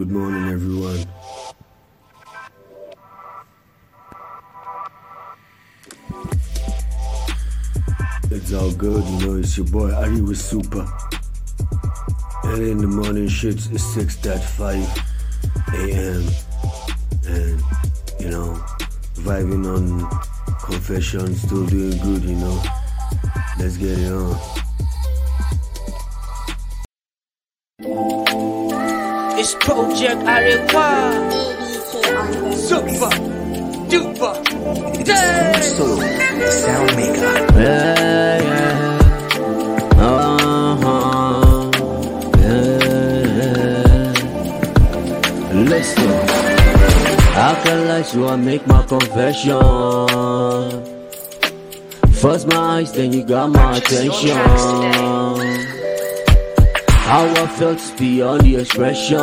Good morning, everyone. It's all good, you know, it's your boy Ari with Super. Early in the morning shifts is 6.5 a.m. And, you know, vibing on confession, still doing good, you know. Let's get it on. This project I require. Super, duper, day. Solo, sound maker. Yeah, yeah. uh Yeah. Listen. I can let you, I make my confession. First my eyes, then you got my attention. Our felt beyond the expression.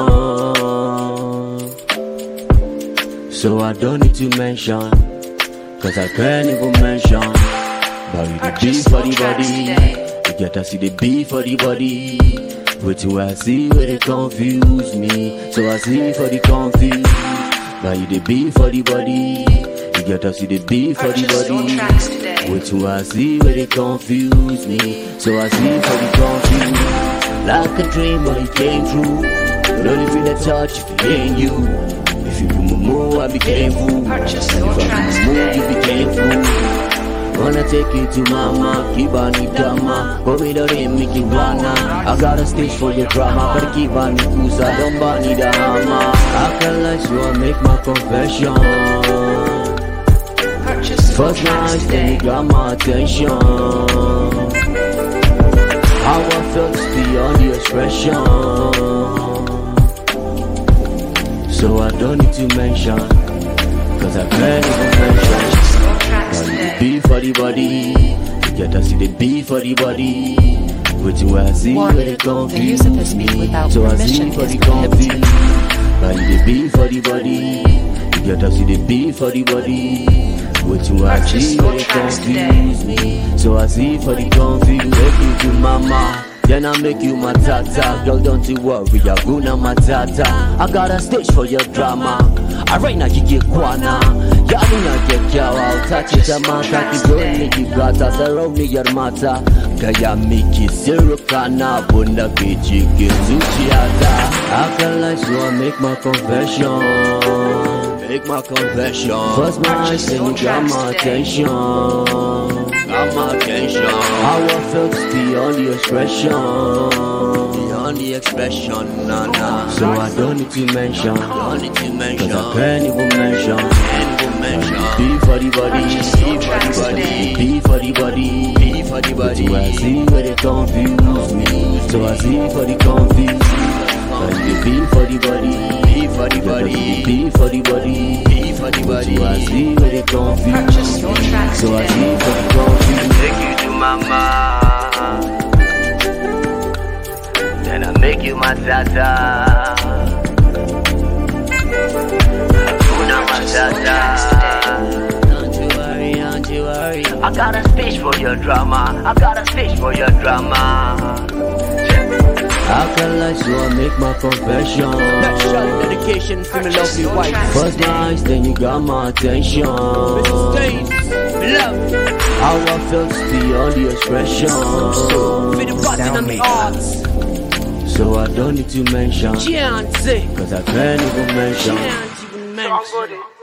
So I don't need to mention, cause I can't even mention. But we the B for the body. you get to see the B for the body. Which I see where they confuse me. So I see for the confused. Now you the B for the body. You get to see the B for the body. Which I see where they confuse me. So I see for the confused. Like a dream, but it came true. do only even a touch if it ain't you. If you move, more, I became fool. If I move, you became fool. Wanna take it to mama, keep on it drama. But we don't make it wanna I got a stage for your drama But keep on it cause I don't burn it a hammer I can let you I make my confession First night, then you got my attention our felt beyond your expression So I don't need to mention Cause I can't even mention Now you be for the body gotta see the be for the body Which you I see where they come The use of this meat without so for the prohibited Now you be for the body the be for the body what you I cheat, not confuse me. So I see for the confuse, make you to mama. Then I make you my tata. Girl, don't you worry, I'm gonna my tata. I got a stage for your drama. I right now you get guana. Yeah, I mean, get you out. Touch it, I'm out. Touch it, don't make you gata. Throw me your mata. Gaya miki sirukana. Bunda bitch, you get zuchi hata. I feel like you, I make my confession. Make my confession. First my night, you got my attention. Got my attention. How Our filth beyond the expression. Beyond the expression, nah nah. So I don't need to mention. Don't need to mention. Cause I can't even mention. Can't even mention. B for the body. B for the body. B for the body. B for the body. So I see where they confuse me. So I see where they confuse. Bungie P for the body. be for the body. be for the body. be for the body. So I see where they come from. Purchase your tracks So I see where they come from. Take you to mama. Then I make you my tata. Puna my tata. I got a speech for your drama. I got a speech for your drama. How can I sure make my confession? show dedication from a lovely wife. First nice, then you got my attention. Love. How I felt beyond the expression. So, for the button and the arts. So I don't need to mention. Giancy. Cause I can't even mention. Can't even mention.